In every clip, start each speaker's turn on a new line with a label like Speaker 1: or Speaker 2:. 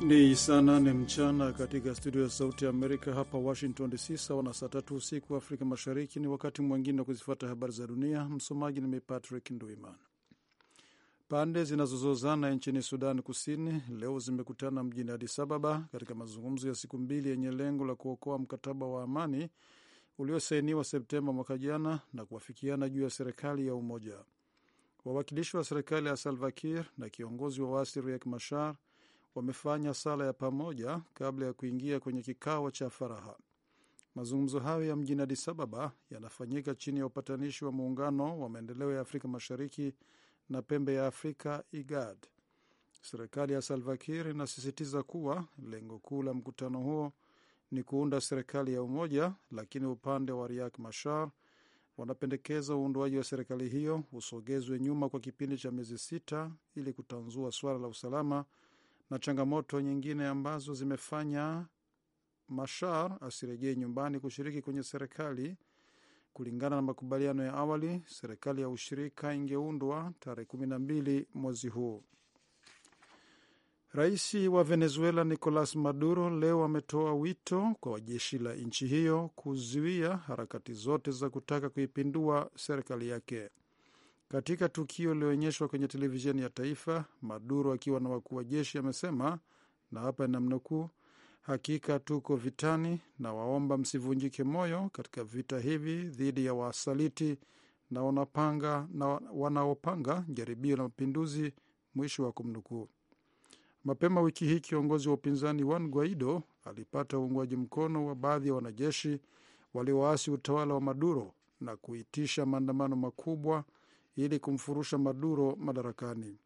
Speaker 1: Ni saa nane mchana katika studio ya Sauti ya Amerika hapa Washington DC, sawa na saa tatu usiku Afrika Mashariki. Ni wakati mwingine wa kuzifuata habari za dunia. Msomaji ni Patrick Nduimana. Pande zinazozozana nchini Sudan Kusini leo zimekutana mjini Addis Ababa katika mazungumzo ya siku mbili yenye lengo la kuokoa mkataba wa amani uliosainiwa Septemba mwaka jana na kuafikiana juu ya serikali ya umoja. Wawakilishi wa serikali ya salvakir na kiongozi wa wasi Riek mashar wamefanya sala ya pamoja kabla ya kuingia kwenye kikao cha faraha. Mazungumzo hayo ya mjini Addis Ababa yanafanyika chini ya upatanishi wa muungano wa maendeleo ya Afrika Mashariki na pembe ya Afrika, IGAD. Serikali ya Salva Kiir inasisitiza kuwa lengo kuu la mkutano huo ni kuunda serikali ya umoja, lakini upande wa riak mashar wanapendekeza uundwaji wa serikali hiyo usogezwe nyuma kwa kipindi cha miezi sita ili kutanzua suala la usalama na changamoto nyingine ambazo zimefanya Mashar asirejee nyumbani kushiriki kwenye serikali. Kulingana na makubaliano ya awali, serikali ya ushirika ingeundwa tarehe kumi na mbili mwezi huu. Rais wa Venezuela Nicolas Maduro leo ametoa wito kwa jeshi la nchi hiyo kuzuia harakati zote za kutaka kuipindua serikali yake. Katika tukio lilioonyeshwa kwenye televisheni ya taifa, Maduro akiwa na wakuu wa jeshi amesema, na hapa namnukuu, hakika tuko vitani na waomba msivunjike moyo katika vita hivi dhidi ya wasaliti na wanapanga, na wanaopanga jaribio la mapinduzi, mwisho wa kumnukuu. Mapema wiki hii kiongozi wa upinzani Juan Guaido alipata uungwaji mkono wa baadhi ya wanajeshi walioasi utawala wa Maduro na kuitisha maandamano makubwa ili kumfurusha Maduro madarakani.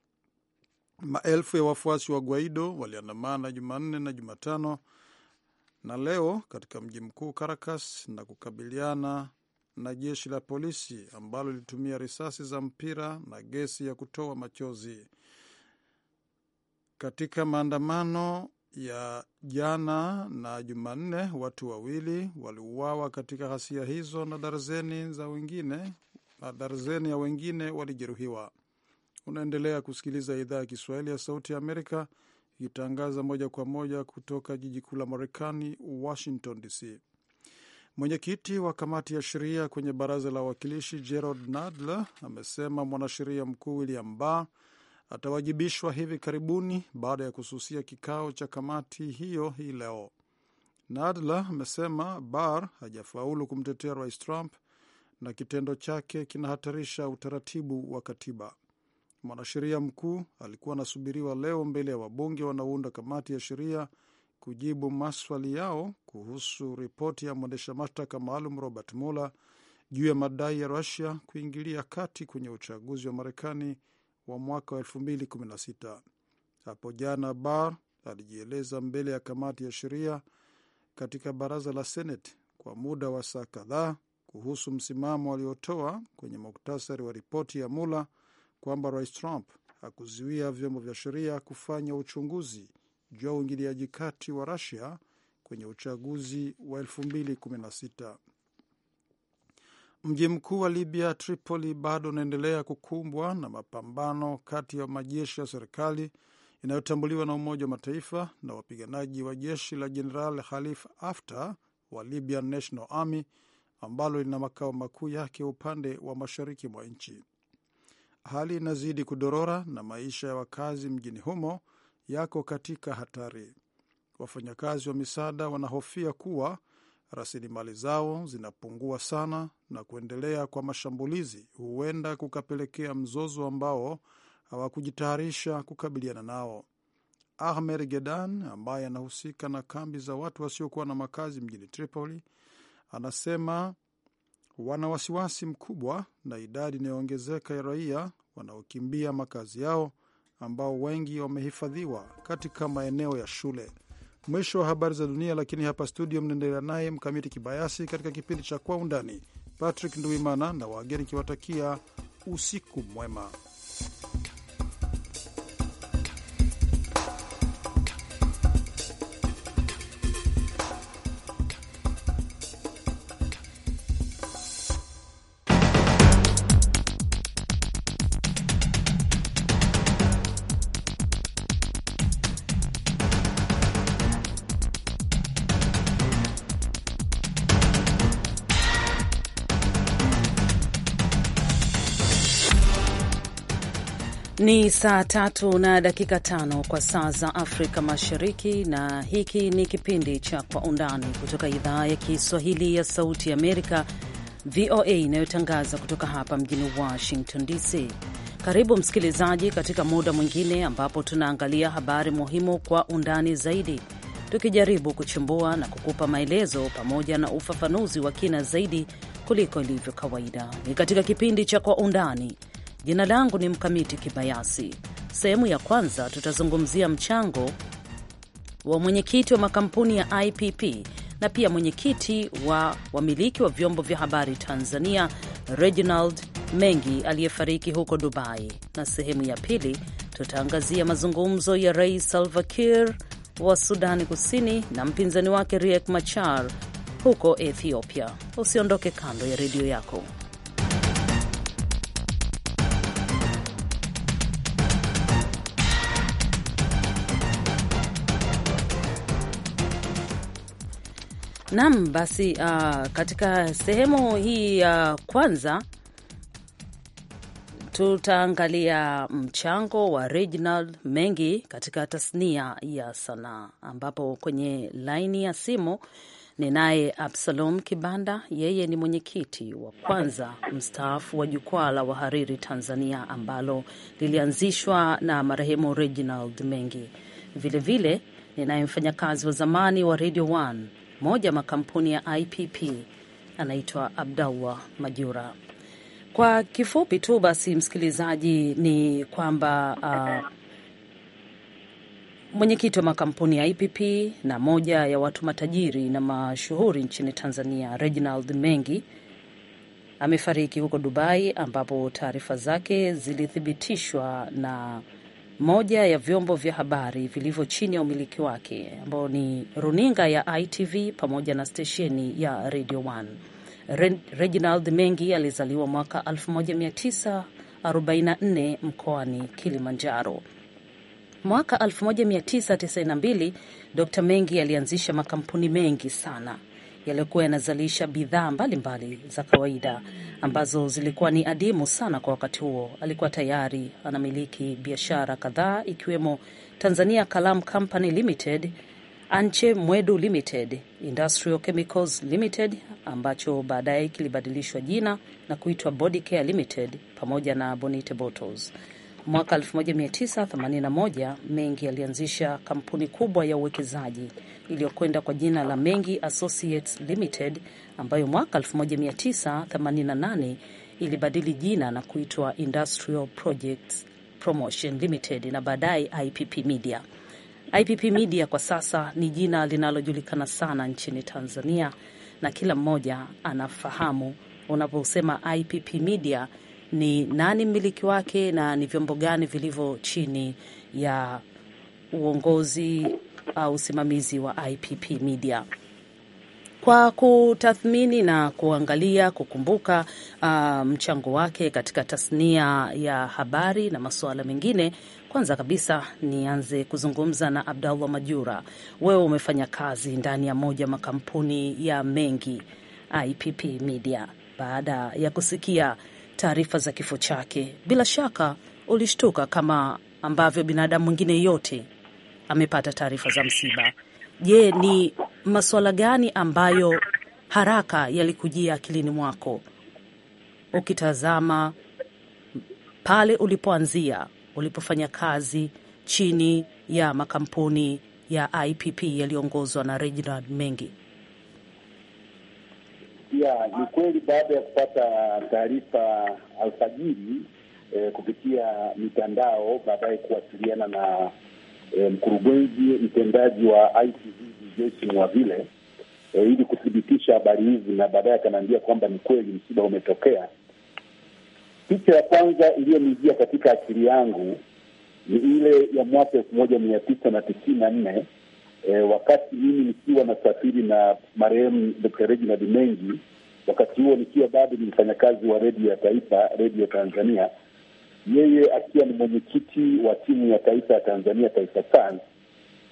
Speaker 1: Maelfu ya wafuasi wa Guaido waliandamana Jumanne na Jumatano na leo katika mji mkuu Caracas na kukabiliana na jeshi la polisi ambalo lilitumia risasi za mpira na gesi ya kutoa machozi. Katika maandamano ya jana na Jumanne, watu wawili waliuawa katika ghasia hizo na darzeni za wengine na darzeni ya wengine walijeruhiwa. Unaendelea kusikiliza idhaa ya Kiswahili ya Sauti ya Amerika ikitangaza moja kwa moja kutoka jiji kuu la Marekani, Washington DC. Mwenyekiti wa kamati ya sheria kwenye baraza la wawakilishi Gerald Nadler amesema mwanasheria mkuu William Barr atawajibishwa hivi karibuni baada ya kususia kikao cha kamati hiyo hii leo. Nadler amesema Barr hajafaulu kumtetea Rais Trump na kitendo chake kinahatarisha utaratibu wa katiba. Mwanasheria mkuu alikuwa anasubiriwa leo mbele ya wabunge wanaounda kamati ya sheria kujibu maswali yao kuhusu ripoti ya mwendesha mashtaka maalum Robert Mueller juu ya madai ya Rusia kuingilia kati kwenye uchaguzi wa Marekani wa mwaka wa 2016. Hapo jana Barr alijieleza mbele ya kamati ya sheria katika baraza la Seneti kwa muda wa saa kadhaa kuhusu msimamo aliotoa kwenye muktasari wa ripoti ya mula kwamba Rais Trump hakuzuia vyombo vya sheria kufanya uchunguzi juu ya uingiliaji kati wa rasia kwenye uchaguzi wa 2016. Mji mkuu wa Libya, Tripoli, bado unaendelea kukumbwa na mapambano kati ya majeshi ya serikali inayotambuliwa na Umoja wa Mataifa na wapiganaji wa jeshi la Jeneral halif Haftar wa Libyan National Army ambalo lina makao makuu yake upande wa mashariki mwa nchi. Hali inazidi kudorora na maisha ya wakazi mjini humo yako katika hatari. Wafanyakazi wa misaada wanahofia kuwa rasilimali zao zinapungua sana na kuendelea kwa mashambulizi huenda kukapelekea mzozo ambao hawakujitayarisha kukabiliana nao. Ahmer Gedan ambaye anahusika na kambi za watu wasiokuwa na makazi mjini Tripoli anasema wana wasiwasi mkubwa na idadi inayoongezeka ya raia wanaokimbia makazi yao ambao wengi wamehifadhiwa katika maeneo ya shule. Mwisho wa habari za dunia, lakini hapa studio mnaendelea naye Mkamiti Kibayasi katika kipindi cha Kwa Undani. Patrick Nduimana na wageni kiwatakia usiku mwema.
Speaker 2: Ni saa tatu na dakika tano kwa saa za Afrika Mashariki, na hiki ni kipindi cha Kwa Undani kutoka idhaa ya Kiswahili ya Sauti ya Amerika, VOA, inayotangaza kutoka hapa mjini Washington DC. Karibu msikilizaji, katika muda mwingine ambapo tunaangalia habari muhimu kwa undani zaidi, tukijaribu kuchimbua na kukupa maelezo pamoja na ufafanuzi wa kina zaidi kuliko ilivyo kawaida. Ni katika kipindi cha Kwa Undani. Jina langu ni Mkamiti Kibayasi. Sehemu ya kwanza tutazungumzia mchango wa mwenyekiti wa makampuni ya IPP na pia mwenyekiti wa wamiliki wa vyombo vya habari Tanzania Reginald Mengi aliyefariki huko Dubai, na sehemu ya pili tutaangazia mazungumzo ya Rais Salva Kiir wa Sudani Kusini na mpinzani wake Riek Machar huko Ethiopia. Usiondoke kando ya redio yako. Naam, basi uh, katika sehemu hii ya uh, kwanza tutaangalia mchango wa Reginald Mengi katika tasnia ya sanaa, ambapo kwenye laini ya simu ninaye Absalom Kibanda. Yeye ni mwenyekiti wa kwanza mstaafu wa Jukwaa la Wahariri Tanzania ambalo lilianzishwa na marehemu Reginald Mengi. Vilevile ninaye mfanyakazi wa zamani wa Radio One moja makampuni ya IPP anaitwa Abdallah Majura. Kwa kifupi tu basi, msikilizaji, ni kwamba uh, mwenyekiti wa makampuni ya IPP na moja ya watu matajiri na mashuhuri nchini Tanzania, Reginald Mengi amefariki huko Dubai, ambapo taarifa zake zilithibitishwa na moja ya vyombo vya habari vilivyo chini ya umiliki wake ambao ni runinga ya ITV pamoja na stesheni ya Radio 1. Reginald Mengi alizaliwa mwaka 1944 mkoani Kilimanjaro. Mwaka 1992 Dr. Mengi alianzisha makampuni mengi sana yaliyokuwa yanazalisha bidhaa mbalimbali za kawaida ambazo zilikuwa ni adimu sana kwa wakati huo. Alikuwa tayari anamiliki biashara kadhaa ikiwemo Tanzania Kalam Company Limited, Anche Mwedu Limited, Industrial Chemicals Limited ambacho baadaye kilibadilishwa jina na kuitwa Body Care Limited pamoja na Bonite Bottles. Mwaka 1981 Mengi alianzisha kampuni kubwa ya uwekezaji iliyokwenda kwa jina la Mengi Associates Limited ambayo mwaka 1988 ilibadili jina na kuitwa Industrial Projects Promotion Limited na baadaye IPP Media. IPP Media kwa sasa ni jina linalojulikana sana nchini Tanzania na kila mmoja anafahamu unaposema IPP Media ni nani mmiliki wake na ni vyombo gani vilivyo chini ya uongozi au usimamizi wa IPP Media. Kwa kutathmini na kuangalia kukumbuka uh, mchango wake katika tasnia ya habari na masuala mengine. Kwanza kabisa nianze kuzungumza na Abdallah Majura. Wewe umefanya kazi ndani ya moja makampuni ya mengi IPP Media. Baada ya kusikia taarifa za kifo chake. Bila shaka ulishtuka kama ambavyo binadamu mwingine yote amepata taarifa za msiba. Je, ni masuala gani ambayo haraka yalikujia akilini mwako ukitazama pale ulipoanzia, ulipofanya kazi chini ya makampuni ya IPP yaliyoongozwa na Reginald Mengi?
Speaker 3: ya ni kweli, baada ya kupata taarifa alfajiri eh, kupitia mitandao, baadaye kuwasiliana na eh, mkurugenzi mtendaji wa ITV Joyce Mwavile eh, ili kuthibitisha habari hizi, na baadaye akaniambia kwamba ni kweli msiba umetokea. Picha ya kwanza iliyonijia katika akili yangu ni ile ya mwaka elfu moja mia tisa na tisini na nne. E, wakati mimi nikiwa nasafiri na marehemu Dr. Reginald Mengi wakati huo nikiwa bado ni mfanyakazi wa redio ya taifa, redio Tanzania, yeye akiwa ni mwenyekiti wa timu ya taifa ya Tanzania, Taifa Stars.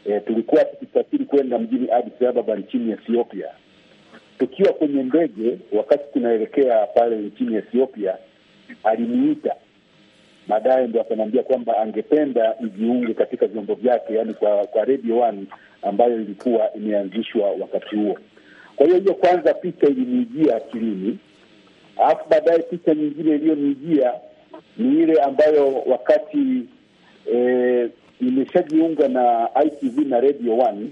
Speaker 3: E, tulikuwa tukisafiri kwenda mjini Addis Ababa nchini Ethiopia. Tukiwa kwenye ndege, wakati tunaelekea pale nchini Ethiopia, aliniita baadaye, ndo akaniambia kwamba angependa ijiunge katika vyombo vyake, yani kwa, kwa Radio One ambayo ilikuwa imeanzishwa wakati huo. Kwa hiyo hiyo kwanza picha ilinijia akilini, alafu baadaye picha nyingine iliyonijia ni ile ambayo wakati e, eh, imeshajiunga na ITV na Radio One,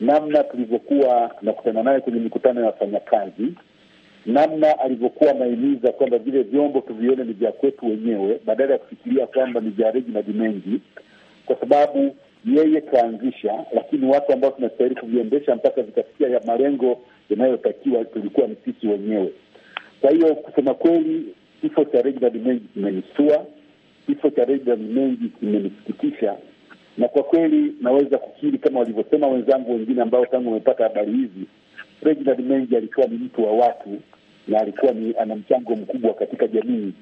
Speaker 3: namna tulivyokuwa tunakutana naye kwenye mikutano ya wafanyakazi, namna alivyokuwa anahimiza kwamba vile vyombo tuvione ni vya kwetu wenyewe badala ya kufikiria kwamba ni vya Reginald Mengi, kwa sababu yeye kaanzisha, lakini watu ambao tunastahili kuviendesha mpaka vikafikia malengo inayotakiwa tulikuwa ni sisi wenyewe. Kwa hiyo kusema kweli, kifo cha Reginald Mengi kimenisua kifo cha Reginald Mengi kimenisikitisha, na kwa kweli naweza kukiri kama walivyosema wenzangu wengine ambao tangu wamepata habari hizi, Reginald Mengi alikuwa ni mtu wa watu na alikuwa ni ana mchango mkubwa katika jamii,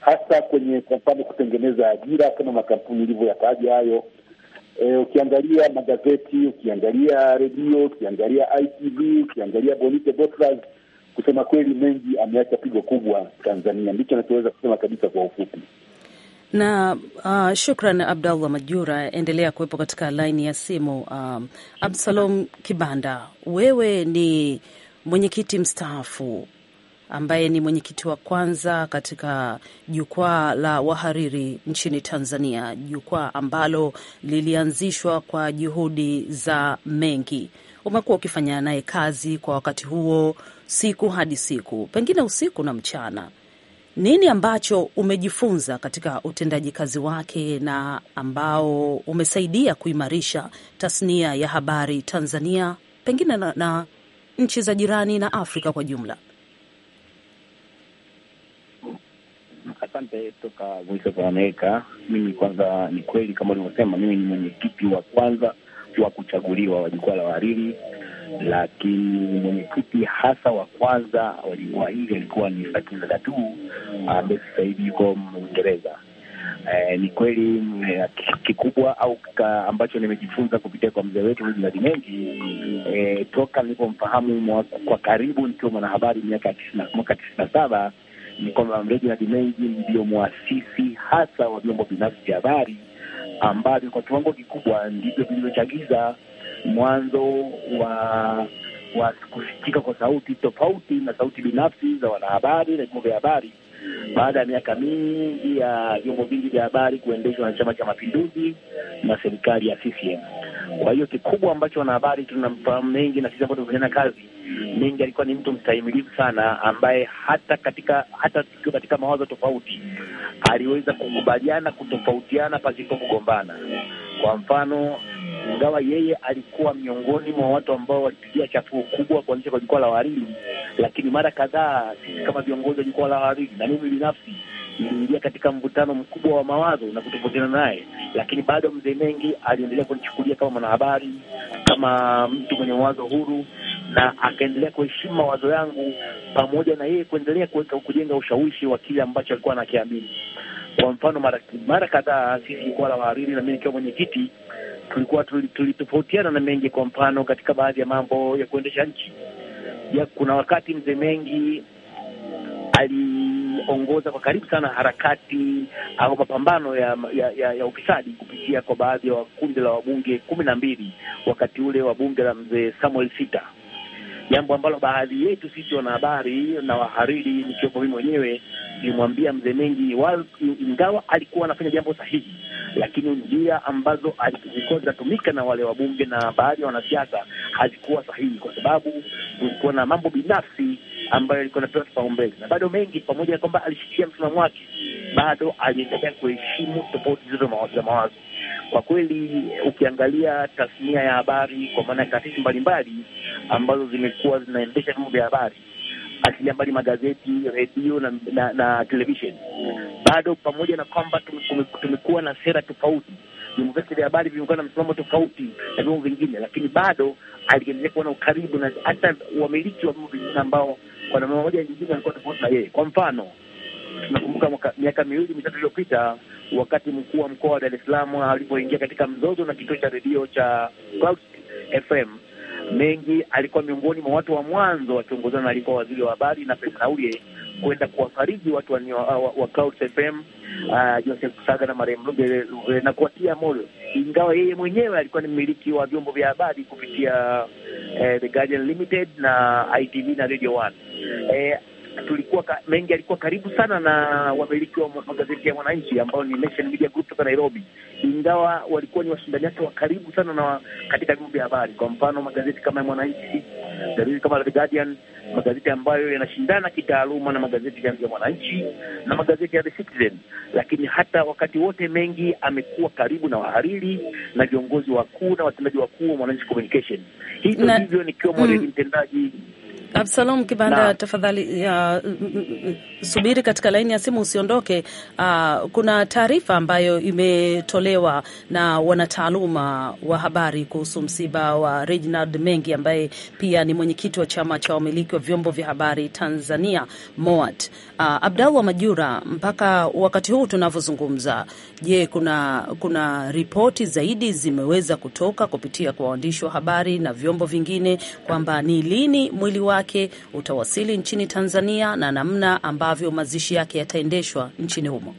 Speaker 3: hasa kwenye kwa mfano kutengeneza ajira kama makampuni ilivyoyataja hayo E, ukiangalia magazeti, ukiangalia redio, ukiangalia ITV, ukiangalia Bonite Botras, kusema kweli mengi ameacha pigo kubwa Tanzania. Ndicho anachoweza kusema kabisa kwa ufupi
Speaker 2: na uh, shukran Abdallah Majura, endelea kuwepo katika laini ya simu. Um, Absalom Kibanda, wewe ni mwenyekiti mstaafu ambaye ni mwenyekiti wa kwanza katika jukwaa la wahariri nchini Tanzania, jukwaa ambalo lilianzishwa kwa juhudi za Mengi. Umekuwa ukifanya naye kazi kwa wakati huo, siku hadi siku, pengine usiku na mchana. Nini ambacho umejifunza katika utendaji kazi wake na ambao umesaidia kuimarisha tasnia ya habari Tanzania, pengine na, na nchi za jirani na Afrika kwa jumla?
Speaker 4: Asante toka Voice of America. Mimi kwanza, ni kweli kama ulivyosema, mimi ni mwenyekiti wa kwanza wa kuchaguliwa wa jukwaa la wahariri, lakini mwenyekiti hasa wa kwanza wa jukwaa hili alikuwa ni Sakina Datu ambaye sasa hivi yuko Uingereza. Eh, ni kweli eh, kikubwa au kika ambacho nimejifunza kupitia kwa mzee wetu Reginald Mengi eh, toka nilipomfahamu kwa karibu nikiwa mwanahabari mwaka tisini na saba kwamba Reginald Mengi ndio mwasisi hasa wa vyombo binafsi vya habari ambavyo kwa kiwango kikubwa ndivyo vilivyochagiza mwanzo wa wa kusikika kwa sauti tofauti na sauti binafsi za wanahabari na vyombo vya habari baada ya miaka mingi ya vyombo vingi vya habari kuendeshwa na Chama cha Mapinduzi na serikali ya CCM. Kwa hiyo kikubwa ambacho wanahabari tunamfahamu mengi, na sisi ambao tumefanyana kazi mengi, alikuwa ni mtu mstahimilivu sana, ambaye hata katika hata tukiwa katika mawazo tofauti aliweza
Speaker 5: kukubaliana,
Speaker 4: kutofautiana pasipo kugombana. Kwa mfano ingawa yeye alikuwa miongoni mwa watu ambao walipigia chapuo kubwa kuanzisha kwa jukwaa la wahariri, lakini mara kadhaa sisi kama viongozi wa jukwaa la wahariri na mimi binafsi niliingia katika mvutano mkubwa wa mawazo na kutofautiana naye, lakini bado mzee Mengi aliendelea kunichukulia kama mwanahabari, kama mtu mwenye mawazo huru, na akaendelea kuheshimu mawazo yangu, pamoja na yeye kuendelea kuweka kujenga ushawishi wa kile ambacho alikuwa anakiamini. Kwa mfano, mara mara kadhaa sisi jukwaa la wahariri na mimi nikiwa mwenyekiti tulikuwa tulitofautiana na mengi, kwa mfano katika baadhi ya mambo ya kuendesha nchi ya, kuna wakati mzee Mengi aliongoza kwa karibu sana harakati au mapambano ya ya, ya, ya ufisadi kupitia kwa baadhi ya kundi la wabunge kumi na mbili wakati ule wa bunge la mzee Samuel Sita jambo ambalo baadhi yetu sisi wanahabari na wahariri, nikiwepo mimi mwenyewe, nilimwambia mzee Mengi, ingawa alikuwa anafanya jambo sahihi, lakini njia ambazo zilikuwa zinatumika na wale wabunge na baadhi ya wanasiasa hazikuwa sahihi, kwa sababu kulikuwa na mambo binafsi ambayo alikuwa anapewa kipaumbele, na bado Mengi, pamoja na kwamba alishikia msimamo wake, bado aliendelea kuheshimu tofauti hizo za mawazo. Kwa kweli ukiangalia tasnia ya habari, kwa maana ya taasisi mbalimbali ambazo zimekuwa zinaendesha vyombo vya habari, achilia mbali magazeti, redio na, na, na televisheni, bado pamoja na kwamba tumekuwa na sera tofauti, vyombo vyote vya habari vimekuwa na msimamo tofauti na vyombo vingine, lakini bado aliendelea kuwa na ukaribu na hata uamiliki wa vyombo vingine ambao kwa namna moja nyingine alikuwa tofauti na yeye. Kwa mfano tunakumbuka miaka miwili mitatu iliyopita wakati mkuu wa mkoa wa Dar es Salaam alipoingia katika mzozo na kituo cha redio cha Cloud FM. Mengi alikuwa miongoni mwa watu wa mwanzo wakiongozana na alikuwa waziri wa habari na Nape Nnauye kwenda kuwafariji watu wa, wa, wa Clouds FM uh, Joseph Saga na Mariam Lube na kuwatia moyo, ingawa yeye mwenyewe alikuwa ni mmiliki wa vyombo vya habari kupitia uh, The Guardian Limited na ITV na Radio One uh, tulikuwa ka, mengi alikuwa karibu sana na wamiliki wa magazeti ya Mwananchi ambao ni Nation Media Group kutoka Nairobi, ingawa walikuwa ni washindani wake wa karibu sana na katika vyombo vya habari. Kwa mfano magazeti kama ya Mwananchi, gazeti kama The Guardian, magazeti ambayo yanashindana kitaaluma na magazeti ya Mwananchi na magazeti ya The Citizen. Lakini hata wakati wote mengi amekuwa karibu na wahariri na viongozi wakuu na watendaji wakuu wa Mwananchi Communication. Hivyo hivyo nikiwa mwenyeji mm. mtendaji mm.
Speaker 2: Absalom Kibanda na, tafadhali uh, subiri katika laini ya simu usiondoke. Uh, kuna taarifa ambayo imetolewa na wanataaluma wa habari kuhusu msiba wa Reginald Mengi ambaye pia ni mwenyekiti wa chama cha wamiliki wa vyombo vya habari Tanzania MOAT. Uh, Abdallah Majura, mpaka wakati huu tunavyozungumza, je, kuna, kuna ripoti zaidi zimeweza kutoka kupitia kwa waandishi wa habari na vyombo vingine kwamba ni lini mwili wa wake utawasili nchini Tanzania na namna ambavyo mazishi yake yataendeshwa nchini humo?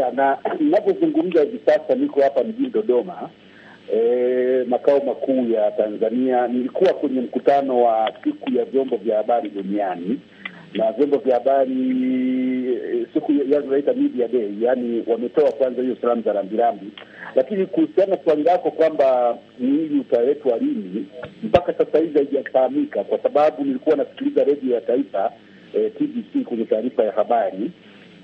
Speaker 3: Ya, na ninapozungumza hivi sasa niko hapa mjini Dodoma, e, makao makuu ya Tanzania. Nilikuwa kwenye mkutano wa siku ya vyombo vya habari duniani na vyombo vya habari e, siku yanaita yaani media day, yani wametoa kwanza hiyo salamu za rambirambi. Lakini kuhusiana swali lako kwamba mwili utaletwa lini, mpaka sasa kufahamika, kwa sababu nilikuwa nasikiliza redio ya taifa eh, TBC kwenye taarifa ya habari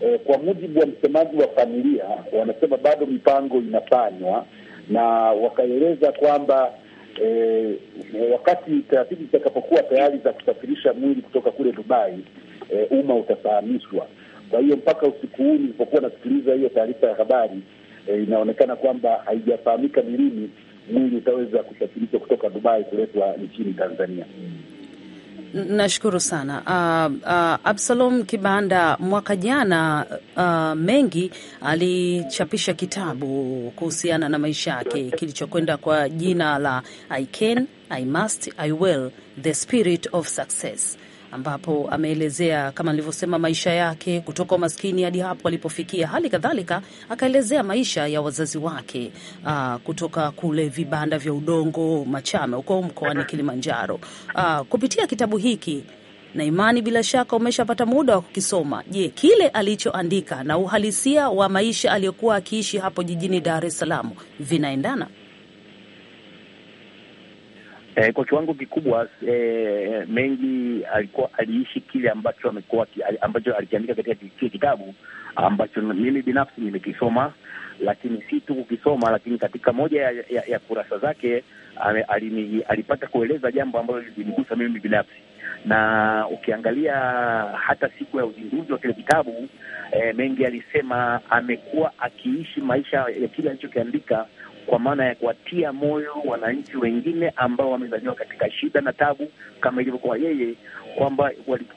Speaker 3: eh, kwa mujibu wa msemaji wa familia wanasema bado mipango inafanywa, na wakaeleza kwamba eh, wakati taratibu zitakapokuwa tayari za kusafirisha mwili kutoka kule Dubai eh, umma utafahamishwa. Kwa hiyo mpaka usiku huu nilipokuwa nasikiliza hiyo taarifa ya habari eh, inaonekana kwamba haijafahamika ni lini mwili utaweza kusafirishwa kutoka Dubai kuletwa nchini Tanzania.
Speaker 2: Nashukuru sana uh, uh, Absalom Kibanda. Mwaka jana uh, Mengi alichapisha kitabu kuhusiana na maisha yake kilichokwenda kwa jina la I Can, I Must, I Will, The Spirit of Success ambapo ameelezea kama nilivyosema, maisha yake kutoka umaskini hadi hapo alipofikia. Hali kadhalika akaelezea maisha ya wazazi wake uh, kutoka kule vibanda vya udongo Machame huko mkoani Kilimanjaro. Uh, kupitia kitabu hiki na imani, bila shaka umeshapata muda wa kukisoma. Je, kile alichoandika na uhalisia wa maisha aliyokuwa akiishi hapo jijini Dar es Salaam vinaendana?
Speaker 4: eh, kwa kiwango kikubwa eh, Mengi alikuwa aliishi kile ambacho amekuwa ambacho alikiandika katika kile kitabu ambacho mimi binafsi nimekisoma, lakini si tu kukisoma, lakini katika moja ya, ya, ya kurasa zake alini, alipata kueleza jambo ambalo lilinigusa mimi binafsi, na ukiangalia hata siku ya uzinduzi wa kile kitabu eh, Mengi alisema amekuwa akiishi maisha ya kile alichokiandika kwa maana ya kuwatia moyo wananchi wengine ambao wamezaliwa katika shida na tabu kama ilivyokuwa yeye, kwamba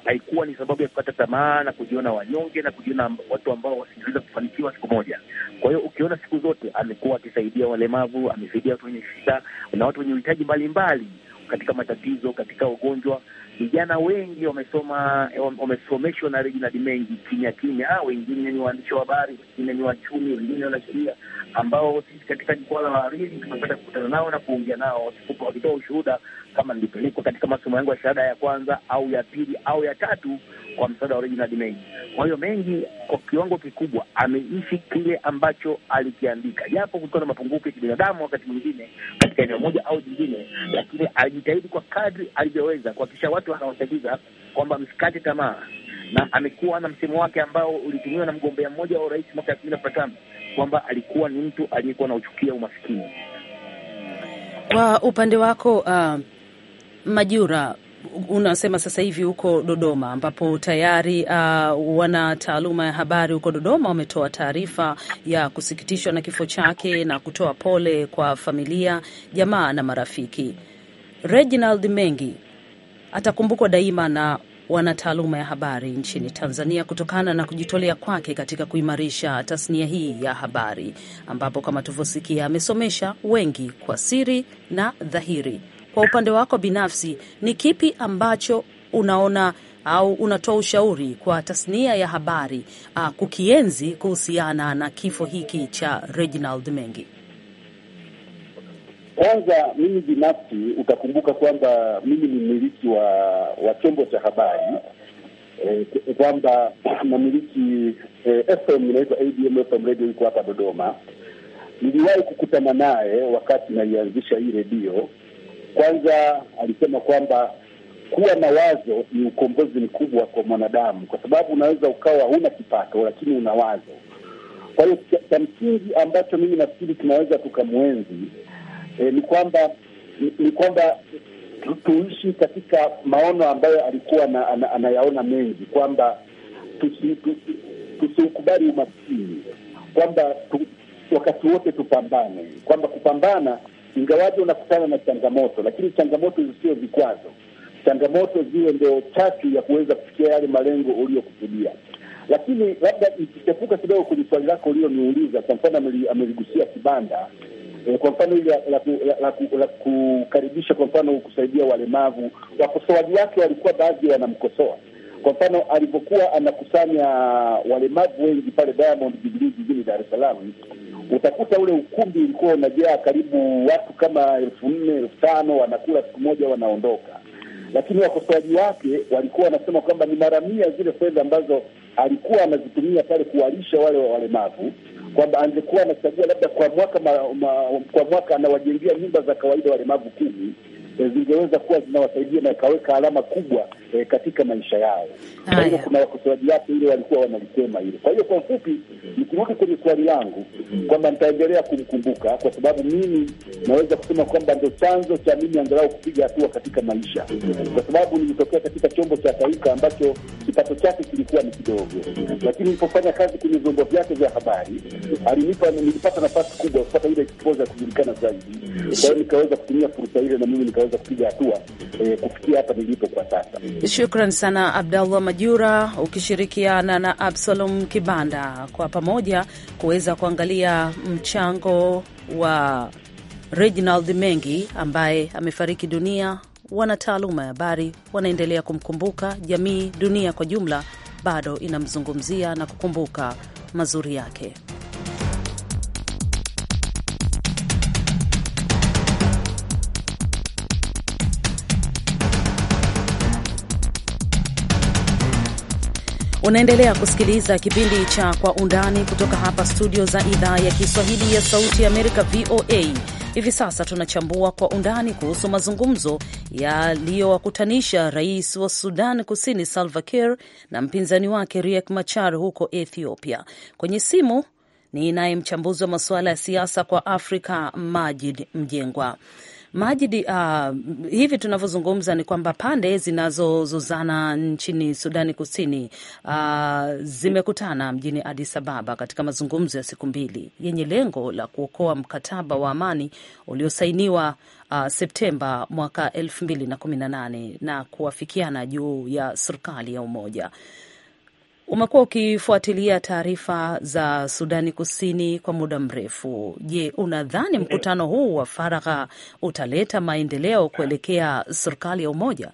Speaker 4: haikuwa ni sababu ya kukata tamaa na kujiona wanyonge na kujiona watu ambao wasingeweza kufanikiwa siku moja. Kwa hiyo ukiona siku zote amekuwa akisaidia walemavu, amesaidia watu wenye shida na watu wenye uhitaji mbalimbali katika matatizo, katika ugonjwa vijana wengi wamesoma wamesomeshwa na Reginald Mengi kimya kimya, wengine ni waandishi wa habari, wengine ni wachumi, wengine wanasheria, ambao sisi katika jukwaa la wahariri tumepata kukutana nao na kuongea nao wakitoa ushuhuda kama nilipelekwa katika masomo yangu ya shahada ya kwanza au ya pili au ya tatu kwa msaada wa Reginald Mengi. Kwa hiyo Mengi kwa kiwango kikubwa ameishi kile ambacho alikiandika, japo kulikuwa na mapungufu ya kibinadamu wakati mwingine katika eneo moja au jingine, lakini alijitahidi kwa kadri alivyoweza kuhakikisha watu wanaosikiliza kwamba msikate tamaa, na amekuwa na msemo wake ambao ulitumiwa na mgombea mmoja wa urais mwaka elfu mbili na tano kwamba alikuwa ni mtu aliyekuwa na uchukia umasikini.
Speaker 2: Kwa upande wako uh, Majura, unasema sasa hivi huko Dodoma ambapo tayari uh, wana taaluma ya habari huko Dodoma wametoa taarifa ya kusikitishwa na kifo chake na kutoa pole kwa familia, jamaa na marafiki. Reginald Mengi atakumbukwa daima na wanataaluma ya habari nchini Tanzania kutokana na kujitolea kwake katika kuimarisha tasnia hii ya habari, ambapo kama tulivyosikia amesomesha wengi kwa siri na dhahiri. Kwa upande wako binafsi, ni kipi ambacho unaona au unatoa ushauri kwa tasnia ya habari uh, kukienzi kuhusiana na kifo hiki cha Reginald Mengi?
Speaker 3: Kwanza mimi binafsi, utakumbuka kwamba mimi ni mmiliki wa wa chombo cha habari e, kwamba namiliki e, eh, FM inaitwa ADM FM radio iko hapa Dodoma. Niliwahi kukutana naye wakati naianzisha hii redio kwanza alisema kwamba kuwa na wazo ni ukombozi mkubwa kwa mwanadamu, kwa sababu unaweza ukawa huna kipato, lakini una wazo. Kwa hiyo cha msingi ambacho mimi nafikiri tunaweza tukamwenzi e, ni kwamba ni kwamba tuishi katika maono ambayo alikuwa na, ana, anayaona mengi kwamba tusiukubali umaskini, kwamba tu, wakati wote tupambane, kwamba kupambana ingawaje unakutana na changamoto, lakini changamoto zisio vikwazo, changamoto ziwe ndio chachu ya kuweza kufikia yale malengo uliyokusudia. Lakini labda ikichepuka kidogo kwenye swali lako ulioniuliza, kwa mfano ameligusia kibanda e, kwa mfano ili la kukaribisha, kwa mfano kusaidia walemavu, wakosoaji wake walikuwa baadhi wanamkosoa kwa mfano alivyokuwa anakusanya walemavu wengi pale Diamond Jubilee jijini Dar es Salaam, utakuta ule ukumbi ulikuwa unajaa karibu watu kama elfu nne elfu tano wanakula siku moja wanaondoka. Lakini wakosoaji wake walikuwa wanasema kwamba ni mara mia zile fedha ambazo alikuwa anazitumia pale kuwalisha wale walemavu, kwamba angekuwa anachagua labda kwa mwaka ma, ma, kwa mwaka anawajengea nyumba za kawaida walemavu kumi e, zingeweza kuwa zinawasaidia na ikaweka alama kubwa e, katika maisha yao. Kwa hiyo kuna wakosoaji wake ile walikuwa wanalisema hilo. Kwa hiyo kwa ufupi, nikirudi kwenye swali langu kwamba nitaendelea kumkumbuka kwa sababu mimi naweza kusema kwamba ndo chanzo cha mimi angalau kupiga hatua katika maisha, kwa sababu nilitokea katika chombo cha taifa ambacho kipato chake kilikuwa ni kidogo, lakini nilipofanya kazi kwenye vyombo vyake vya habari alinipa, nilipata nafasi kubwa kupata ile exposure ya kujulikana zaidi. Kwa hiyo nikaweza kutumia fursa ile na mimi nikaweza tutaweza kupiga hatua e, kufikia hapa nilipo kwa sasa.
Speaker 2: Shukran sana Abdallah Majura ukishirikiana na Absalom Kibanda kwa pamoja kuweza kuangalia mchango wa Reginald Mengi ambaye amefariki dunia. Wanataaluma ya habari wanaendelea kumkumbuka, jamii dunia kwa jumla bado inamzungumzia na kukumbuka mazuri yake. Unaendelea kusikiliza kipindi cha Kwa Undani kutoka hapa studio za idhaa ya Kiswahili ya Sauti ya Amerika, VOA. Hivi sasa tunachambua kwa undani kuhusu mazungumzo yaliyowakutanisha rais wa Sudan Kusini Salva Kiir na mpinzani wake Riek Machar huko Ethiopia. Kwenye simu ni naye mchambuzi wa masuala ya siasa kwa Afrika Majid Mjengwa. Majidi, uh, ah, hivi tunavyozungumza ni kwamba pande zinazozozana nchini Sudani Kusini uh, zimekutana mjini Addis Ababa katika mazungumzo ya siku mbili yenye lengo la kuokoa mkataba wa amani uliosainiwa uh, Septemba mwaka 2018 na kuwafikiana juu ya serikali ya umoja Umekuwa ukifuatilia taarifa za Sudani Kusini kwa muda mrefu. Je, unadhani eh. mkutano huu wa faragha utaleta maendeleo kuelekea serikali ya umoja?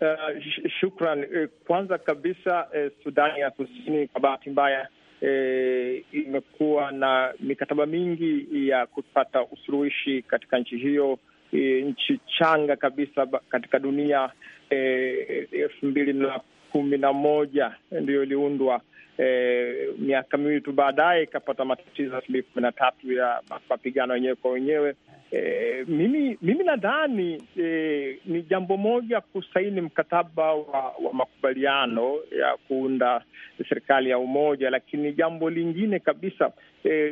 Speaker 5: Uh, shukran. Eh, kwanza kabisa eh, Sudani ya Kusini kwa bahati mbaya eh, imekuwa na mikataba mingi ya kupata usuluhishi katika nchi hiyo eh, nchi changa kabisa katika dunia elfu eh, mbili na kumi na moja ndiyo iliundwa E, miaka miwili tu baadaye ikapata matatizo elfu mbili kumi na tatu ya mapigano wenyewe kwa wenyewe. E, mimi mimi nadhani e, ni jambo moja kusaini mkataba wa, wa makubaliano ya kuunda serikali ya umoja, lakini jambo lingine kabisa e,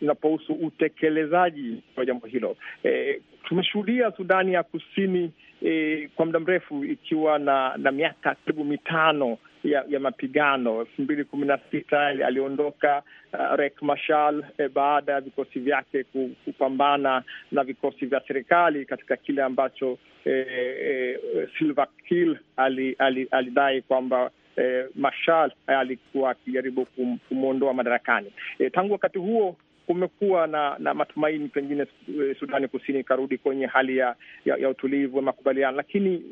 Speaker 5: inapohusu eh, utekelezaji wa jambo hilo e, tumeshuhudia Sudani ya Kusini e, kwa muda mrefu ikiwa na na miaka karibu mitano ya, ya mapigano. Elfu mbili kumi na sita aliondoka uh, Riek Machar e, baada ya vikosi vyake kupambana na vikosi vya serikali katika kile ambacho e, eh, e, eh, Salva Kiir alidai ali, ali kwamba e, Machar alikuwa akijaribu kumwondoa madarakani e, tangu wakati huo kumekuwa na na matumaini pengine eh, Sudani Kusini ikarudi kwenye hali ya, ya, ya utulivu wa makubaliano, lakini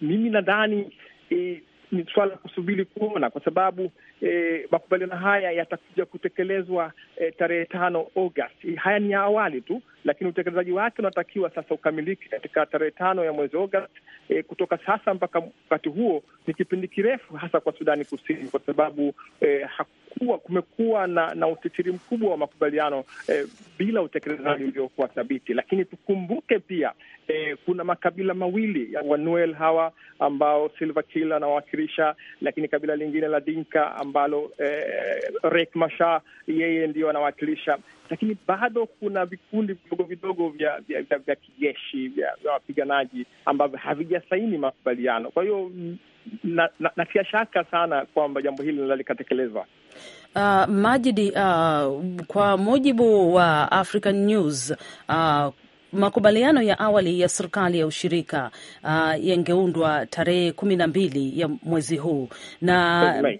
Speaker 5: mimi nadhani e, ni swala kusubiri kuona, kwa sababu eh, makubaliano haya yatakuja kutekelezwa eh, tarehe tano Agosti. Haya ni ya awali tu, lakini utekelezaji wake unatakiwa sasa ukamilike katika tarehe tano ya mwezi Agosti. Eh, kutoka sasa mpaka wakati huo ni kipindi kirefu, hasa kwa Sudani Kusini, kwa sababu eh, hakuwa kumekuwa na, na utitiri mkubwa wa makubaliano eh, bila utekelezaji uliokuwa thabiti, lakini tukumbuke pia eh, kuna makabila mawili ya Wanuel hawa ambao Silva Kiir anawakilisha, lakini kabila lingine la Dinka ambalo eh, Riek Machar yeye ndio anawakilisha lakini bado kuna vikundi vidogo vidogo vya vya, vya, vya kijeshi vya, vya wapiganaji ambavyo havijasaini makubaliano. Kwa hiyo na, na, shaka sana kwamba jambo hili linaweza likatekelezwa.
Speaker 2: Uh, Majidi, uh, kwa mujibu wa African News uh, makubaliano ya awali ya serikali ya ushirika uh, yangeundwa tarehe kumi na mbili ya mwezi huu na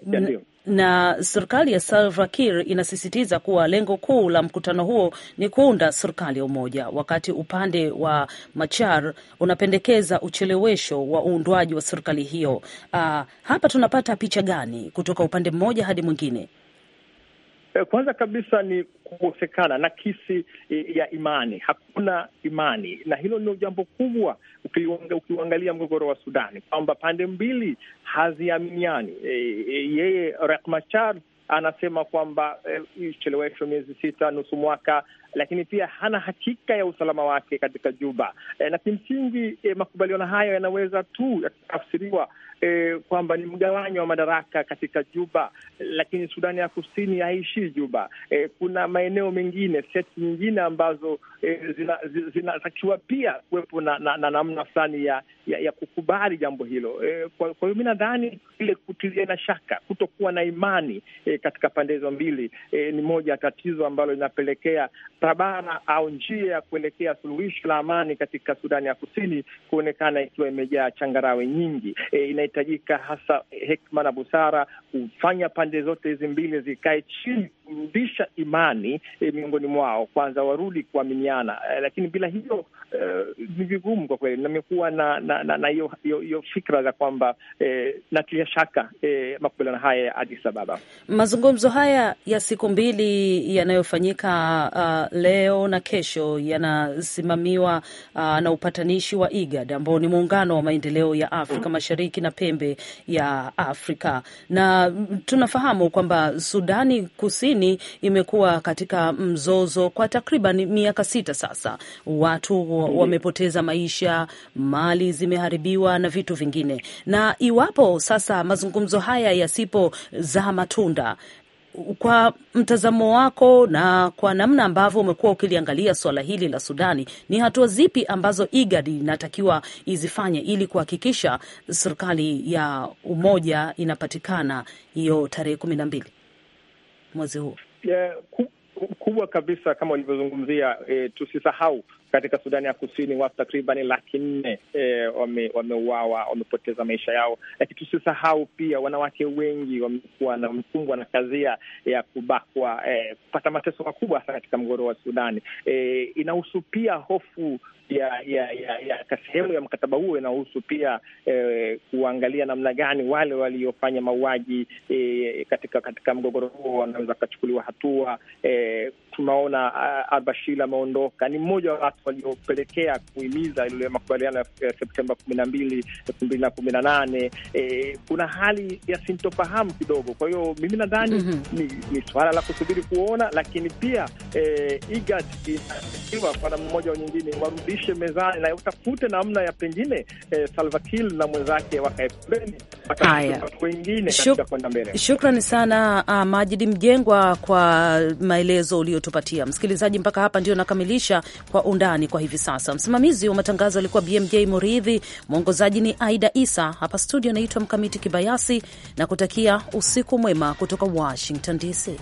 Speaker 2: na serikali ya Salva Kiir inasisitiza kuwa lengo kuu la mkutano huo ni kuunda serikali ya umoja, wakati upande wa Machar unapendekeza uchelewesho wa uundwaji wa serikali hiyo. Uh, hapa tunapata picha gani kutoka upande mmoja hadi mwingine?
Speaker 5: Eh, kwanza kabisa ni kukosekana na kisi eh, ya imani, hakuna imani, na hilo ndio jambo kubwa ukiuangalia mgogoro wa Sudani kwamba pande mbili haziaminiani. E, e, yeye Riek Machar anasema kwamba e, chelewesho miezi sita, nusu mwaka lakini pia hana hakika ya usalama wake katika Juba. E, na kimsingi e, makubaliano hayo yanaweza tu yakitafsiriwa e, eh, kwamba ni mgawanyo wa madaraka katika Juba, lakini Sudani ya Kusini haishii Juba. E, kuna maeneo mengine, seti nyingine ambazo e, zinatakiwa zina pia kuwepo na namna na, na fulani ya, ya, ya kukubali jambo hilo. E, kwa hiyo mi nadhani ile kutilia na shaka, kutokuwa na imani e, katika pande hizo mbili e, ni moja ya tatizo ambalo linapelekea barabara au njia ya kuelekea suluhisho la amani katika Sudani ya Kusini kuonekana ikiwa imejaa changarawe nyingi. E, inahitajika hasa hekima na busara kufanya pande zote hizi mbili zikae chini kurudisha imani e, miongoni mwao, kwanza warudi kuaminiana e, lakini bila hiyo eh, ni vigumu kwa kweli. Nimekuwa na na hiyo fikra za kwamba e, natilia shaka e, makubaliano haya ya Addis Ababa.
Speaker 2: Mazungumzo haya ya siku mbili yanayofanyika uh, leo na kesho yanasimamiwa uh, na upatanishi wa IGAD ambao ni muungano wa maendeleo ya Afrika Mashariki na pembe ya Afrika, na mm, tunafahamu kwamba Sudani Kusini Kaskazini imekuwa katika mzozo kwa takriban miaka sita sasa. Watu wamepoteza maisha, mali zimeharibiwa na vitu vingine, na iwapo sasa mazungumzo haya yasipozaa matunda kwa mtazamo wako na kwa namna ambavyo umekuwa ukiliangalia suala hili la Sudani, ni hatua zipi ambazo IGAD inatakiwa izifanye ili kuhakikisha serikali ya umoja inapatikana hiyo tarehe kumi na mbili? mwezi huu?
Speaker 5: Yeah, kubwa kabisa kama ulivyozungumzia, e, tusisahau katika Sudani ya Kusini watu takriban laki nne eh, wameuawa wame wamepoteza maisha yao, lakini tusisahau pia wanawake wengi wamekuwa na mkumbwa na kadhia ya kubakwa e, kupata mateso makubwa hasa katika mgogoro wa Sudani. E, inahusu pia hofu ya ya ya, ya sehemu ya mkataba huo inahusu pia e, kuangalia namna gani wale waliofanya mauaji e, katika katika mgogoro huo wanaweza wakachukuliwa hatua e, tunaona uh, Albashir ameondoka, ni mmoja wa watu waliopelekea kuhimiza ile makubaliano ya uh, Septemba kumi na mbili elfu mbili na kumi na nane. E, kuna hali ya sintofahamu kidogo. Kwa hiyo mimi nadhani mm -hmm. ni, ni suala la kusubiri kuona, lakini pia eh, IGAD inatakiwa kwa namna moja au nyingine warudishe mezani na utafute namna ya pengine eh, Salva Kiir na mwenzake wakae pembeni wengine katika kwenda mbele.
Speaker 2: Shukrani sana uh, Majidi Mjengwa kwa maelezo ulio uliotupatia msikilizaji. Mpaka hapa ndio nakamilisha Kwa Undani kwa hivi sasa. Msimamizi wa matangazo alikuwa BMJ Muridhi, mwongozaji ni Aida Isa. Hapa studio naitwa Mkamiti Kibayasi na kutakia usiku mwema kutoka Washington DC.